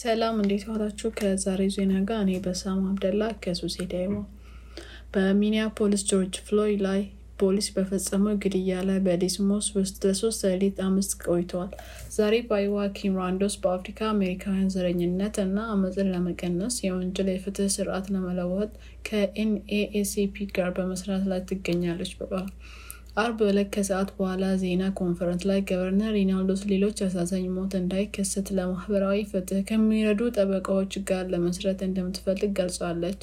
ሰላም እንዴት ዋላችሁ? ከዛሬ ዜና ጋር እኔ በሳም አብደላ ከሱሴ ዳይሞ። በሚኒያፖሊስ ጆርጅ ፍሎይድ ላይ ፖሊስ በፈጸመው ግድያ ላይ በዲስሞስ ውስጥ ለሶስት ሌሊት አምስት ቆይተዋል። ዛሬ በአይዋ ኪምራንዶስ በአፍሪካ አሜሪካውያን ዘረኝነት እና አመፅን ለመቀነስ የወንጀል የፍትህ ስርዓት ለመለወጥ ከኤንኤኤሲፒ ጋር በመስራት ላይ ትገኛለች ብሏል። አርብ ዕለት ከሰዓት በኋላ ዜና ኮንፈረንስ ላይ ገቨርነር ሪናልዶስ ሌሎች አሳዛኝ ሞት እንዳይከሰት ለማህበራዊ ፍትህ ከሚረዱ ጠበቃዎች ጋር ለመስረት እንደምትፈልግ ገልጿለች።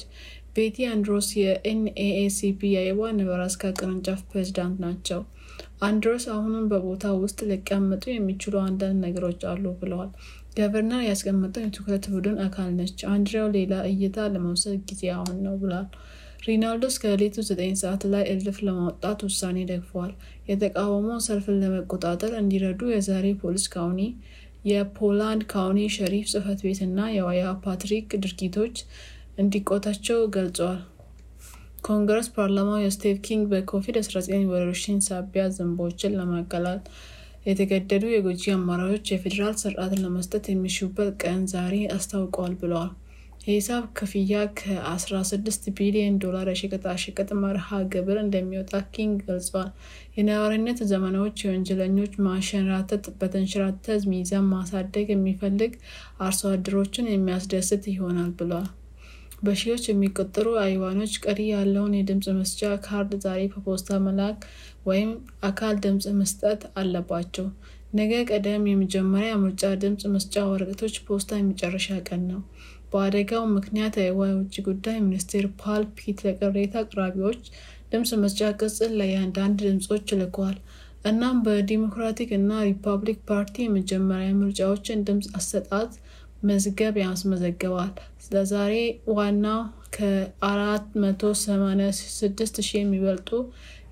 ቤቲ አንድሮስ የኤንኤኤሲፒ የአይዋ ነበራስካ ቅርንጫፍ ፕሬዚዳንት ናቸው። አንድሮስ አሁንም በቦታ ውስጥ ሊቀመጡ የሚችሉ አንዳንድ ነገሮች አሉ ብለዋል። ገቨርነር ያስቀመጠው የትኩረት ቡድን አካል ነች። አንድሪያው ሌላ እይታ ለመውሰድ ጊዜ አሁን ነው ብሏል። ሪናልዶ እስከ ሌቱ 9 ሰዓት ላይ እልፍ ለማውጣት ውሳኔ ደግፏል። የተቃውሞው ሰልፍን ለመቆጣጠር እንዲረዱ የዛሬ ፖሊስ ካውኒ፣ የፖላንድ ካውኒ ሸሪፍ ጽህፈት ቤትና የዋያ ፓትሪክ ድርጊቶች እንዲቆታቸው ገልጿል። ኮንግረስ ፓርላማው የስቴቭ ኪንግ በኮቪድ-19 ወረርሽኝ ሳቢያ ዝንቦችን ለማቀላል የተገደዱ የጎጂ አማራጮች የፌዴራል ስርዓትን ለመስጠት የሚሽበት ቀን ዛሬ አስታውቀዋል ብለዋል። የሂሳብ ክፍያ ከ16 ቢሊዮን ዶላር የሸቀጣሸቀጥ መርሃ ግብር እንደሚወጣ ኪንግ ገልጿል። የነዋሪነት ዘመናዎች የወንጀለኞች ማሸራተት በተንሸራተት ሚዛን ማሳደግ የሚፈልግ አርሶ አደሮችን የሚያስደስት ይሆናል ብሏል። በሺዎች የሚቆጠሩ አይዋኖች ቀሪ ያለውን የድምፅ መስጫ ካርድ ዛሬ በፖስታ መላክ ወይም አካል ድምፅ መስጠት አለባቸው። ነገ ቀደም የመጀመሪያ ምርጫ ድምፅ መስጫ ወረቀቶች ፖስታ የመጨረሻ ቀን ነው። በአደጋው ምክንያት የአይዋ የውጭ ጉዳይ ሚኒስቴር ፓል ፒት ለቅሬታ አቅራቢዎች ድምፅ መስጫ ቅጽል ለእያንዳንድ ድምፆች ልኳል። እናም በዲሞክራቲክ እና ሪፐብሊክ ፓርቲ የመጀመሪያ ምርጫዎችን ድምፅ አሰጣት መዝገብ ያስመዘግባል። ለዛሬ ዋና ከ486 ሺህ የሚበልጡ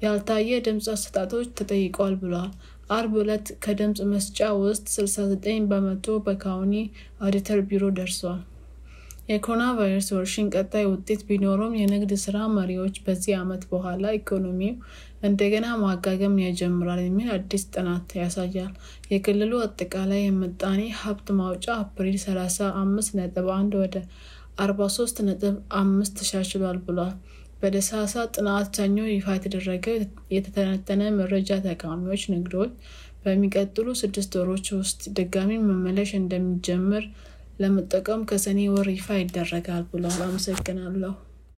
ያልታየ ድምፅ አሰጣጦች ተጠይቋል ብሏል። አርብ ዕለት ከድምፅ መስጫ ውስጥ 69 በመቶ በካውኒ ኦዲተር ቢሮ ደርሷል። የኮሮና ቫይረስ ወረርሽኝ ቀጣይ ውጤት ቢኖረውም የንግድ ስራ መሪዎች በዚህ ዓመት በኋላ ኢኮኖሚው እንደገና ማጋገም ያጀምራል የሚል አዲስ ጥናት ያሳያል። የክልሉ አጠቃላይ የምጣኔ ሀብት ማውጫ አፕሪል 35 ነጥብ 1 ወደ 43 ነጥብ 5 ተሻሽሏል ብሏል። በደሳሳ ጥናት ሰኞ ይፋ የተደረገ የተተነተነ መረጃ ተቃዋሚዎች ንግዶች በሚቀጥሉ ስድስት ወሮች ውስጥ ድጋሚ መመለሽ እንደሚጀምር ለመጠቀም ከሰኔ ወር ይፋ ይደረጋል ብሏል። አመሰግናለሁ።